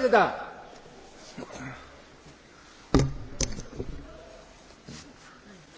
Preda.